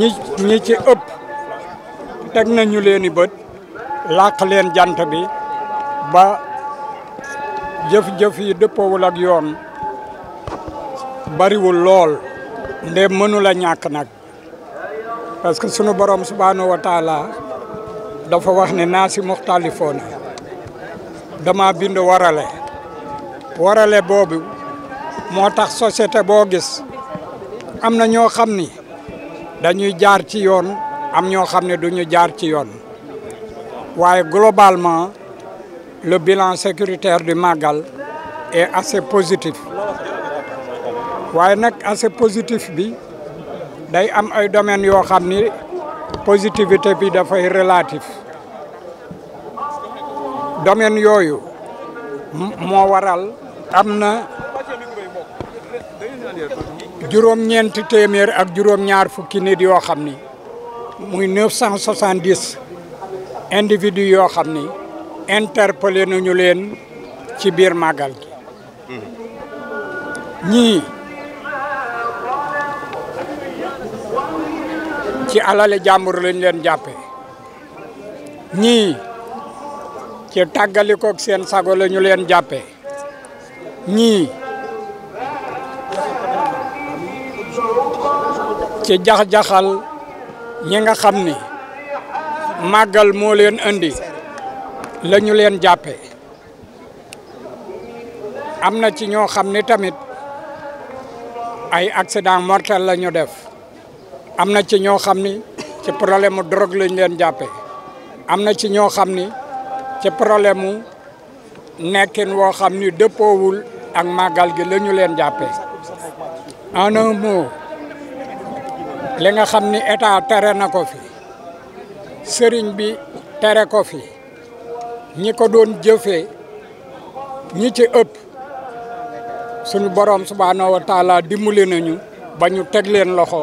ñi ci ëpp teg nañu leen i bët làq leen jant bi ba jëf-jëf yi dëppoowul ak yoon bariwul lool ndee mënula ñàkk nag parce que sunu borom subhanahu wa taala dafa wax ne naa si muxtalifoona dama bind warale warale boobu moo tax société boo gis am na ñoo xam ni dañuy jaar ci yoon am ñoo xam ne duñu jaar ci yoon waaye globalement le bilan sécuritaire du Magal est assez positif waaye nag assez positif bi day am ay domaine yoo xam ni positivité bi dafay relatif domaine yooyu moo waral am na jurom ñent témèr ak jurom ñaar fukki nit yo xamni muy 970 individu yo xamni interpellé nañu len ci biir magal gi ñi ci alale jàmbur lañ len jappé ñi ci ak seen sago lañu len jappé ñi ci jax-jaxal ñi nga xam ni màggal moo leen indi la leen jàppe am na ci ñoo xam ni tamit ay accident mortel la def am na ci ñoo xam ni ci problème mu drogue lañ leen jàppe am na ci ñoo xam ni ci problème mu nekkin woo xam ni dëppoowul ak màggal gi la ñu leen jàppe li nga xam ni état tere na ko fi sëriñ bi tere ko fi ñi ko doon jëfee ñi ci ëpp suñu borom subhaanahu wa taala dimbali nañu ba ñu teg leen loxo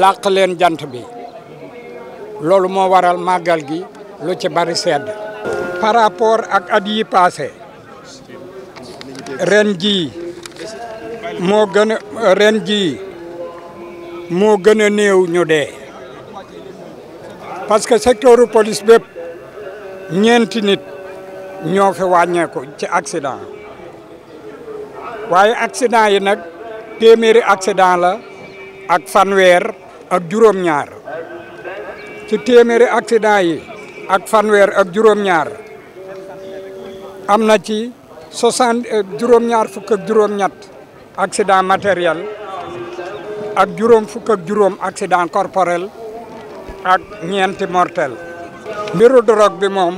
làq leen jant bi loolu moo waral màggal gi lu ci bari sedd par rapport ak at yi passé ren jii moo gën a ren jii moo gën a néew ñu dee parce que secteuru police bépp ñeenti nit ñoo fi wàññeeku ci accident waaye accident yi nag téeméeri accident la ak fanweer ak juróom-ñaar ci téeméeri accident yi ak fanweer ak juróom-ñaar am na ci soixante eh, juróom-ñaar fukk ak juróom-ñett accident matériel ak juróom fukk ak juróom accident corporel ak ñeenti mortel mbiru drogue bi moom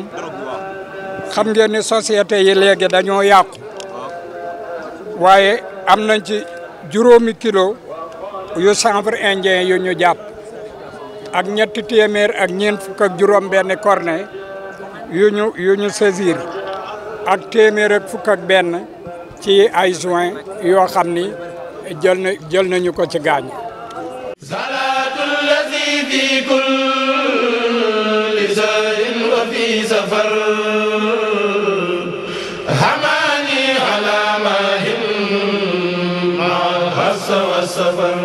xam ngeen ni société yi léegi dañoo yàqu waaye am nañ ci juróomi kilo yu chanvre indien yu ñu jàpp ak ñetti téeméer ak ñeent fukk juróom benn cornet yu ñu yu ak téeméer ak fukk benn ci ay joint yoo xam ni jël na jël nañu ko ci gaañ safar